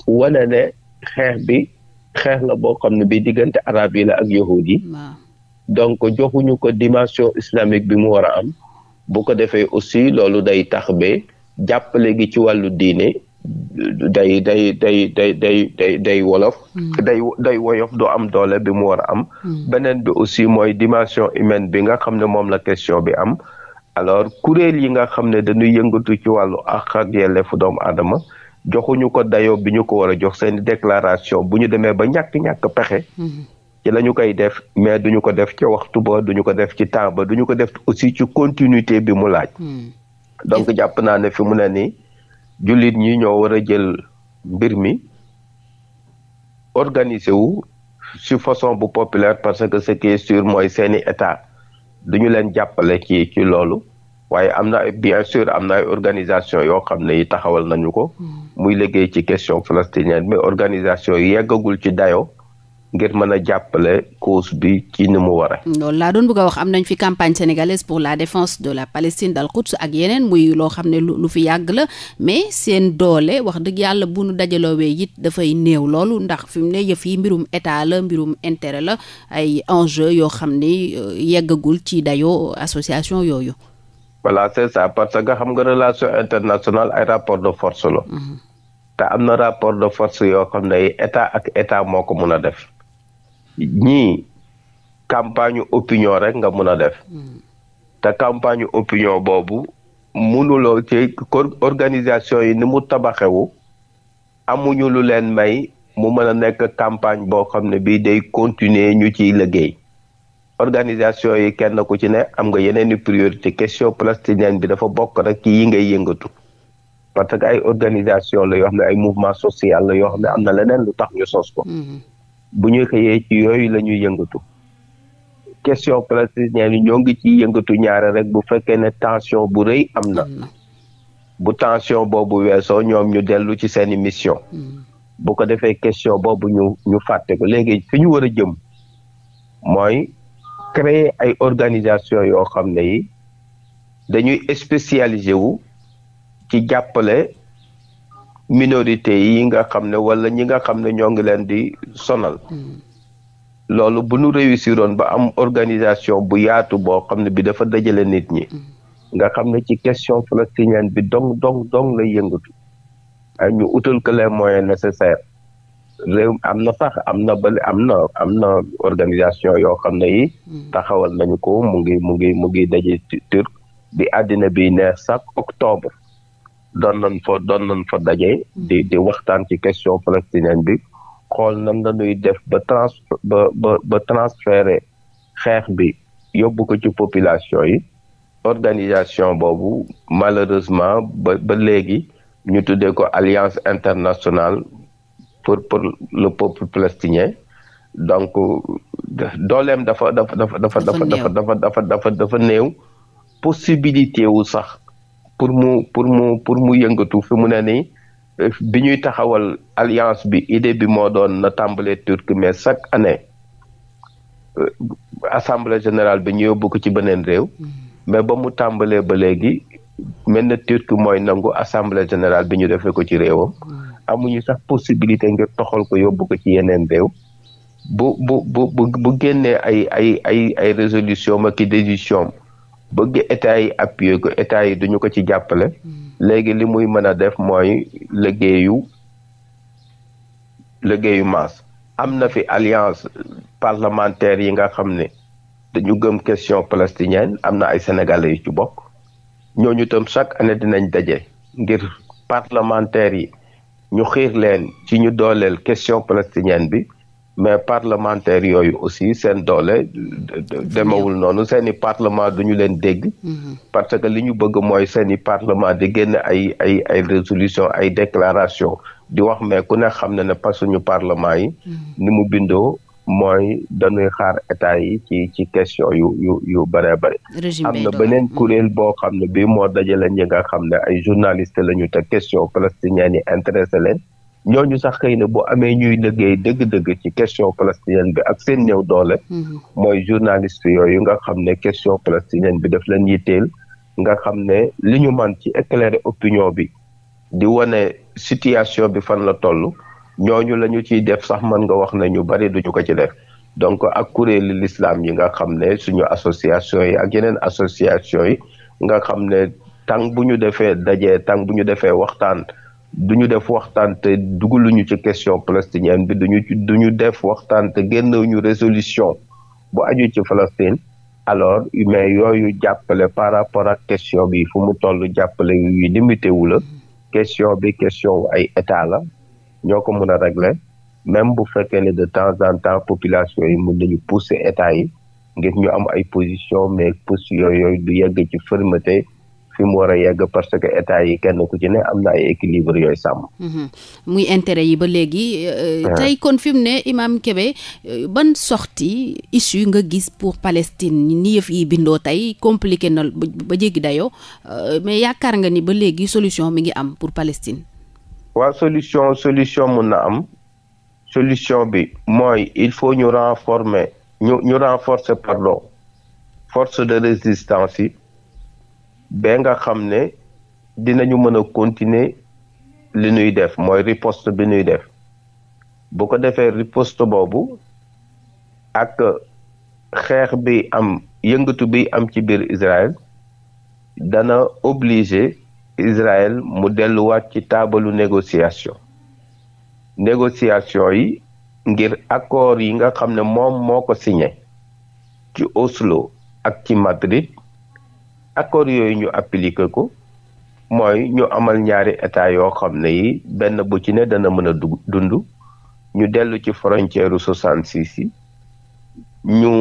wane ne xeex bi xeex la boo xam ne bii diggante araab yi la ak yahud yi donc joxuñu ko dimension islamique bi mu war a am bu ko defee aussi loolu day tax ba jàppale gi ci wàllu diine day day day day day day day wolof hmm. day day woyof doo am doole bi mu war a am hmm. beneen bi aussi mooy dimension humaine bi nga xam ne moom la question bi am alors kuréel yi nga xam ne dañuy yëngatu ci wàllu àq ak yelleefu doomu aadama joxuñu ko dayoo bi ñu ko war a jox seen déclaration bu ñu demee ba ñàkk-ñàkk pexe hmm. ci la koy def mais duñu ko def ci waxtu ba duñu ko def ci temps ba duñu ko def aussi ci continuité bi mu laaj donc jàpp naa ne fi mu ne nii jullit ñi ñoo war a jël mbir mi organiser wu ci façon bu populaire parce que ce qui est sûr mooy seeni état du ñu leen jàppale ci ci loolu waaye am na bien sûr am na ay organisation yoo xam ne yi taxawal nañu ko hmm. muy liggéey ci question palestinienne mais organisation yi yeggagul ci dayo ngir mën a jàppale cause bi ci ni mu waree. loolu laa doon bëgg wax am nañ fi campagne sénégalaise pour la défense de la Palestine dal Quds ak yeneen muy loo xam ne lu fi yàgg la mais seen doole wax dëgg yàlla bu nu dajaloowee it dafay néew loolu ndax fi mu ne yëf yi mbirum état la mbirum intére la ay enjeu yoo xam ni euh, yeggagul ci dayo association yooyu. voilà c'est ça parce que xam nga relation internationale ay rapport de force la. Mhm. te am na rapport de force yoo xam ne ak état moo ko mun a def. ñii campagne opinion rek nga mun a def mm. te campagne opinion boobu munuloo ci organisation yi ni mu tabaxewu amuñu lu leen may mu mën a nekk campagne boo xam ne bii day continuer ñu ciy liggéey organisation yi kenn ku ci ne am nga yeneen i priorité question palestinienne bi dafa bokk rek ci yi ngay yëngatu parce que ay organisation la yoo xam ne ay mouvement social la yoo xam ne am na leneen lu tax ñu sos ko. Mm-hmm. bu ñu xëyee ci yooyu la ñuy yëngatu question palestinienne yi ñoo ngi ciy yëngatu ñaare rek bu fekkee ne tension bu rëy am na bu tension boobu weesoo ñoom ñu dellu ci seen mission hmm. bu ko defee question boobu ñu ñu fàtte ko léegi fi ñu war a jëm mooy créer ay organisation yoo xam ne yi dañuy spécialisé wu ci jàppale minorité yi nga xam ne wala ñi nga xam ne ñoo ngi leen di sonal mm. loolu bu nu réussiroon ba am organisation bu yaatu boo xam ne bi dafa dajale nit ñi mm. nga xam ne ci question palestinienne bi dong dong dong lay yëngatu ay ñu utal que les moyens nécessaires réew am na sax am na bale am na am na organisation yoo xam ne yi mm. taxawal nañu ko mu ngi mu ngi mu ngi daje bi àddina bi neex chaque octobre don nañ fa doon nañ fa daje. di di waxtaan ci question palestinienne bi xool nan la ñuy def ba trans ba xeex bi yóbbu ko ci population yi organisation boobu malheureusement ba ba léegi ñu tuddee ko alliance internationale pour pour le peuple palestinien donc dooleem dafa dafa dafa dafa dafa dafa dafa dafa sax. pour mu pour mu pour mu yëngatu fi mu ne nii euh, bi ñuy taxawal alliance bi idée bi moo doon na tàmbalee turc mais chaque année euh, assemblée générale bi ñu yóbbu ko ci beneen réew. Mm-hmm. mais ba mu tàmbalee ba léegi mel na turc mooy nangu assemblée générale bi ñu defee ko ci réewam. Mm-hmm. amuñu sax possibilité ngir toxal ko yóbbu ko ci yeneen réew. bu bu bu bu génnee ay ay ay ay résolution ma ki décision bëgg état yi appuyer ko état yi duñu ko ci jàppale hmm. léegi li muy mën a def mooy liggéeyu liggéeyu masse am na fi alliance parlementaire yi nga xam ne dañu gëm question palestinienne am na ay sénégalais yu ci bokk ñooñu itam chaque année dinañ daje ngir parlementaire yi ñu xiir leen ci ñu dooleel question palestinienne bi mais parlementaires yooyu aussi seen doole demewul noonu seen i parlement du ñu leen dégg mm-hmm. parce que li ñu bëgg mooy seen i parlement di génn ay ay ay résolution ay déclaration di wax mais ku ne xam ne ne pas suñu parlement yi mm-hmm. ni mu bindoo mooy dañuy xaar état yi ci ci question yu yu yu bëree bëri am na beneen mm-hmm. kuréel boo xam ne bi moo dajalee ñi nga xam ne ay journaliste la ñu te question palestinienne yi intéressé leen ñooñu sax xëy na bu amee ñuy liggéey dëgg-dëgg ci question palestinienne bi ak seen néew doole. Mhm. mooy journaliste yooyu nga xam ne question palestinienne bi def leen yitteel. nga xam ne li ñu man ci éclairer opinion bi di wane situation bi fan la toll ñooñu la ñu ciy def sax mën nga wax ne ñu bari ñu ko ci def donc ak kuréeli l'islam yi nga xam ne suñu association yi ak yeneen association yi nga xam ne tàng bu ñu defee dajee tàng bu ñu defee waxtaan du ñu def waxtaan te dugaluñu ci question palestinienne bi duñu duñu def waxtaan te génnewuñu résolution bu aju ci Palestine alors mais yooyu jàppale par rapport ak question bi fu mu toll jàppale yu limité wu la question bi question ay état la ñoo ko mën a régler même bu fekkee ne de temps en temps population yi mun nañu pousser état yi ngir ñu am ay position mais pousse yooyu du yegg ci fermeté fi war a yegg parce que état yi kenn ku ci ne am na ay équilibre yooyu sàmm. Mhm. muy intérêt yi ba léegi. Euh, tey kon fi mu ne Imam Kébé euh, ban sortie issue nga gis pour Palestine ni yëf yi bindoo tey compliqué na ba jéggi dayoo euh, mais yaakaar nga ni ba léegi solution mi ngi am pour Palestine. waa solution solution mun na am solution bi mooy il faut ñu renforcer ñu ñu renforcer pardon force de résistance ba nga xam ne dinañu mën a continuer li ñuy def mooy riposte bi ñuy def bu ko defee riposte boobu ak xeex bi am yëngatu bi am ci biir Israël dana obligé Israël mu delluwaat ci taabalu négociation négociation yi ngir accord yi nga xam ne moom moo ko signé ci Oslo ak ci Madrid accord yooyu ñu appliqué ko mooy ñu amal ñaari état yoo xam ne yi benn bu ci ne dana mën a dund ñu dellu ci frontière soixante six yi ñu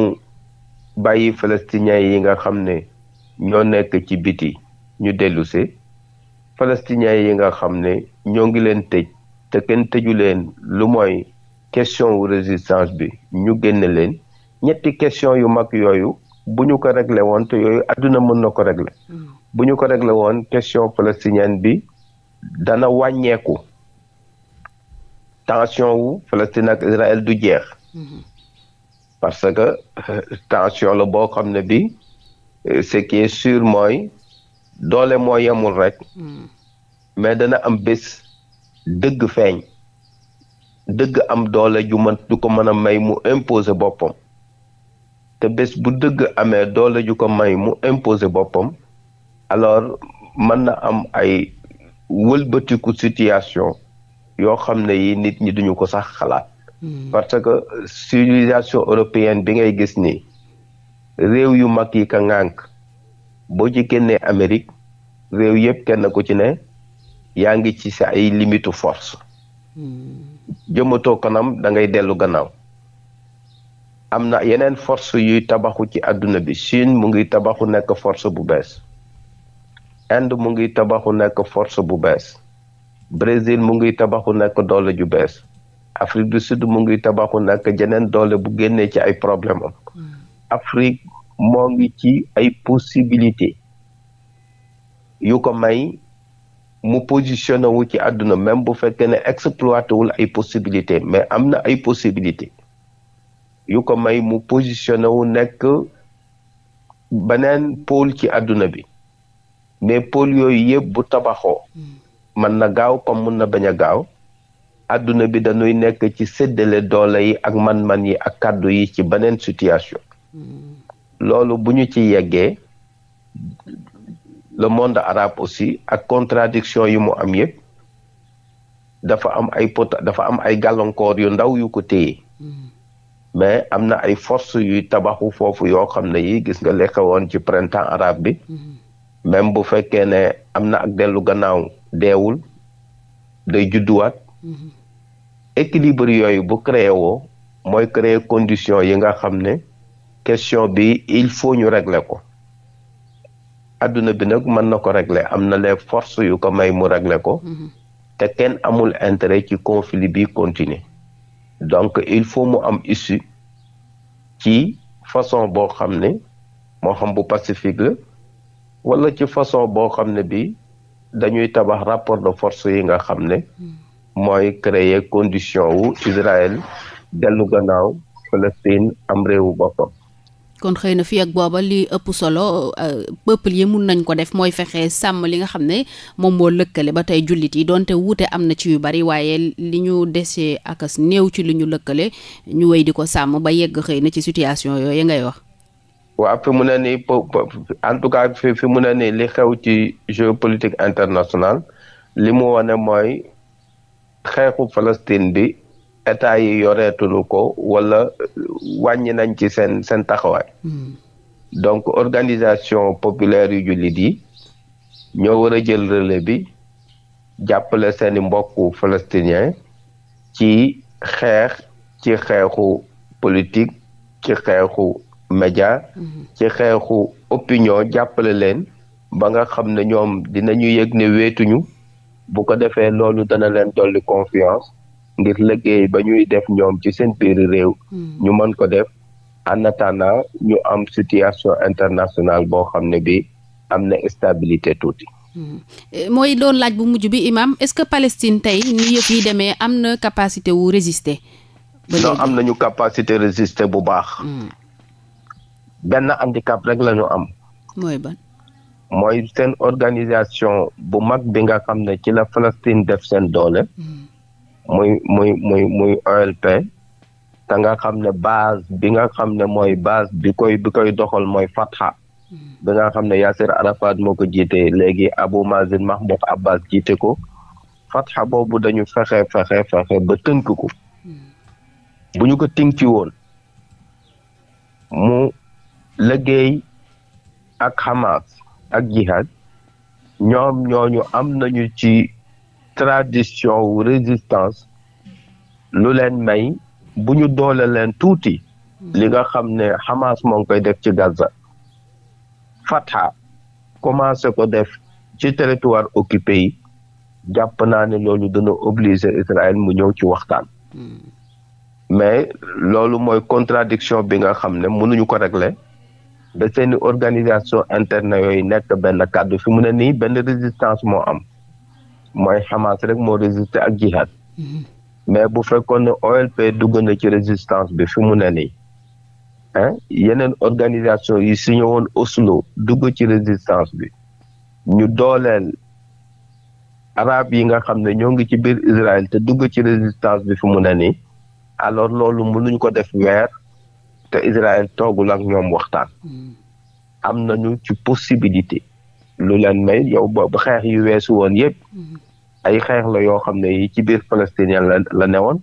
bàyyi palestiniens yi nga xam ne ñoo nekk ci biti ñu dellusee palestiniens yi nga xam ne ñoo ngi leen tëj te kenn tëju leen lu mooy question wu résistance bi ñu génn leen ñetti question yu mag yooyu bu ñu ko réglé woon te yooyu adduna mën na ko réglé hmm. bu ñu ko réglé woon question palestinienne bi dana wàññeeku tension wu Palestine ak Israël du jeex hmm. parce que euh, tension la boo xam ne bi euh, ce qui est sûr mooy doole moo yemul rek hmm. mais dana am bés dëgg feeñ dëgg am doole ju mën du ko mën a may mu imposer boppam te bés bu dëgg amee doole ju ko may mu imposé boppam alors mën na am ay wëlbatiku situation yoo xam ne yi nit ñi duñu ko sax xalaat hmm. parce que civilisation européenne bi ngay gis ni réew yu mag yi ka ŋànk boo ci génnee Amérique réew yëpp kenn ku ci ne yaa ngi ci sa ay limitu force hmm. jëmatoo kanam dangay dellu gannaaw am na yeneen force yuy tabaxu ci àdduna bi Chine mu ngi tabaxu nekk force bu bees Inde mu ngi tabaxu nekk force bu bees Brésil mu ngi tabaxu nekk doole ju bees Afrique du Sud mu ngi tabaxu nekk jeneen doole bu génnee ci ay problème am hmm. Afrique moo ngi ci ay possibilité yu ko may mu positionné wu ci àdduna même bu fekkee ne exploité ay possibilité mais am na ay possibilité yu ko may mu positionné wu nekk beneen pôle ci àdduna bi mais pôle yooyu yëpp bu tabaxoo hmm. mën na gaaw comme mën na bañ a gaaw àdduna bi dañuy nekk ci seddale doole yi ak man-man yi ak kàddu yi ci beneen situation hmm. loolu bu ñu ci yeggee le monde arabe aussi ak contradiction yi mu am yëpp dafa am ay pot dafa am ay gàllankoor yu ndaw yu ko téye mais am na ay force yuy tabaxu foofu yoo xam ne yi gis nga lekk woon ci printemps arabe bi mm-hmm. même bu fekkee ne am na ak dellu gannaaw deewul day judduwaat mm-hmm. équilibre yooyu bu créé woo mooy créer condition yi nga xam ne question bi il faut ñu régle ko adduna bi nag mën na ko régle am na les forces yu ko may mu régler ko mm-hmm. te kenn amul intérêt ci conflit bi continuer donc il faut mu am issue ci façon boo xam ne moo xam bu pacifique la wala ci façon boo xam ne bi dañuy tabax rapport de force yi nga xam ne mooy créer condition wu Israël dellu gannaaw Palestine am réewu boppam kon xëy na fii ak booba li ëpp solo euh, peuple yi mun nañ ko def mooy fexe sàmm li nga xam ne moom moo lëkkale ba tey jullit yi donte wuute am na ci yu bari waaye li ñu desee akas néew ci li ñu lëkkale ñu wéy di ko sàmm ba yegg xëy na ci situation yooyu ngay wax. waa fi mu ne nii en tout cas fi fi mu ne nii li xew ci géopolitique internationale li mu wane mooy xeexu Palestine bi. état yi yoreetulu ko wala wàññi nañ ci seen seen taxawaay hmm. donc organisation populaire yu jullit yi ñoo war a jël relais bi jàppale seeni mbokku palestinien ci xeex ci xeexu politique ci xeexu média hmm. ci xeexu opinion jàppale leen ba nga xam ne ñoom dinañu yëg ne wéetuñu bu ko defee loolu dana leen dolli confiance ngir liggéey ba ñuy def ñoom ci seen biir réew hmm. ñu mën ko def en ñu am situation internationale boo xam ne bi am na stabilité tuuti hmm. eh, mooy doon laaj bu mujj bi imam est-ce que Palestine tey ni yëf demee am na capacité wu résister non am nañu capacité résister bu baax hmm. benn handicap rek lañu am mooy mooy seen organisation bu mag bi nga xam ne ci la Palestine def seen doole muy muy muy muy OLP te nga xam ne base bi nga xam ne mooy base bi koy bi koy doxal mooy Fatha bi nga xam ne Yasser Arafat moo ko jiite léegi Abou Mazin Mahmoud Abbas jiite ko Fatha boobu dañu fexe fexe fexe ba tënk ko bu ñu ko tinki woon mu liggéey ak Hamas ak jihad ñoom ñooñu am nañu ci tradition wu résistance lu leen may bu ñu doole leen tuuti hmm. li nga xam ne Hamas moo ngi koy def ci Gaza Fatah commencé ko def ci territoire occupé yi jàpp naa ne loolu dana obligé Israël mu ñëw ci waxtaan hmm. mais loolu mooy contradiction bi nga xam ne mënuñu ko régler ba seeni organisation interne yooyu nekk benn kàddu fi mu ne nii benn résistance moo am mooy Hamas rek moo résister ak jihad mm-hmm. mais bu fekkoon ne OLP dugg na ci résistance bi fi mu ne nii ah yeneen organisation yi signé woon Oslo dugg ci résistance bi ñu dooleel arab yi nga xam ne ñoo ngi ci biir Israël te dugg ci résistance bi fi mu ne nii alors loolu mënuñ ko def weer te Israël toogul ak ñoom waxtaan mm-hmm. am nañu ci possibilité lu leen may yow ba xeex yu weesu woon yëpp mm-hmm. ay xeex la yoo xam ne yi ci biir palestinien la la woon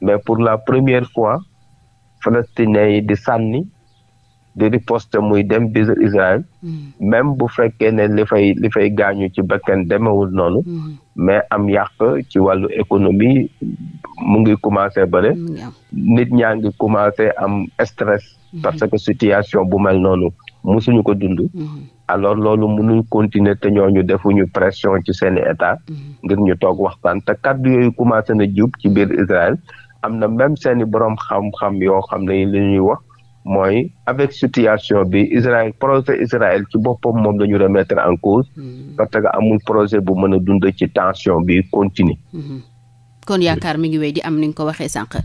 mais pour la première fois palestiniens yi di sànni di riposte muy dem bi Israël mm-hmm. même bu fekkee ne li fay li fay gaañu ci bakkan demewul noonu mm-hmm. mais am yàq ci wàllu économie mu ngi commencé bëre nit ñaa ngi commencé am stress parce que situation bu mel noonu mosuñu ko dund mhm. alors loolu nuñ continuer te ñooñu defuñu pression ci seen état mhm. ngir ñu toog waxtaan te kàddu yooyu commencé na jub ci biir Israël am na même seeni borom xam-xam yoo xam ne li ñuy wax mooy avec situation bi Israël projet Israël ci boppam moom la ñu remettre en cause mhm. parce que amul projet bu mën a dund ci tension bi continuer kon yaakaar mi ngi wéy di am ni nga ko waxee sànq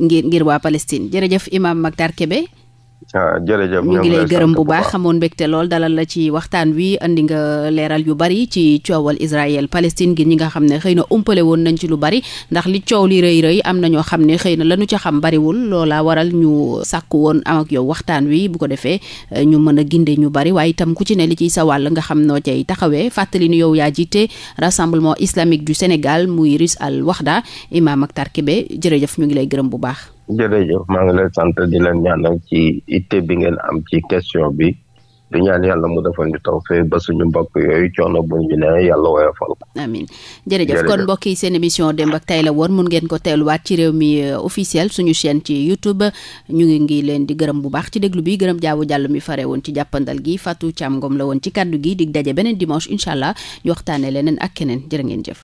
ngir ngir waa Palestine jërëjëf Imam Mactar ñu ngi lay gërëm bu baax xamoon mbégte lool dalal la ci waxtaan wi andi nga leeral yu bari ci coowal Israël Palestine gi ñi nga xam ne xëy na umpale woon nañ ci lu bari ndax li coow li rëy rëy am na ñoo xam ne xëy na lañu ca xam bariwul loola waral ñu sàkk woon am ak yow waxtaan wi bu ko defee eh, ñu mën a ginde ñu bari waaye itam ku ci ne li ciy sa wàll nga xam noo cay taxawee fàttali ni yow yaa jiite rassemblement islamique du Sénégal muy RIS Al Wahda Imam Makhtar Kébé jërëjëf ñu ngi lay gërëm bu baax jërëjëf maa ngi leen sant di leen ñaanal ci itte bi ngeen am ci question bi di ñaan yàlla mu defal ñu tawfeex ba suñu mbokk yooyu coono bu ñu ne yàlla woyofal ko. amiin jërëjëf kon mbokk yi seen émission dem ak tay la woon mun ngeen ko teeluwaat ci réew mi euh, officiel suñu chaîne ci YouTube ñu ngi ngi leen di gërëm bu baax ci déglu bi gërëm jaawu jàll mi fare woon ci jàppandal gi Fatou Thiam Ngom la woon ci kàddu gi dig daje beneen dimanche incha allah ñu leneen ak keneen jërë ngeen jëf.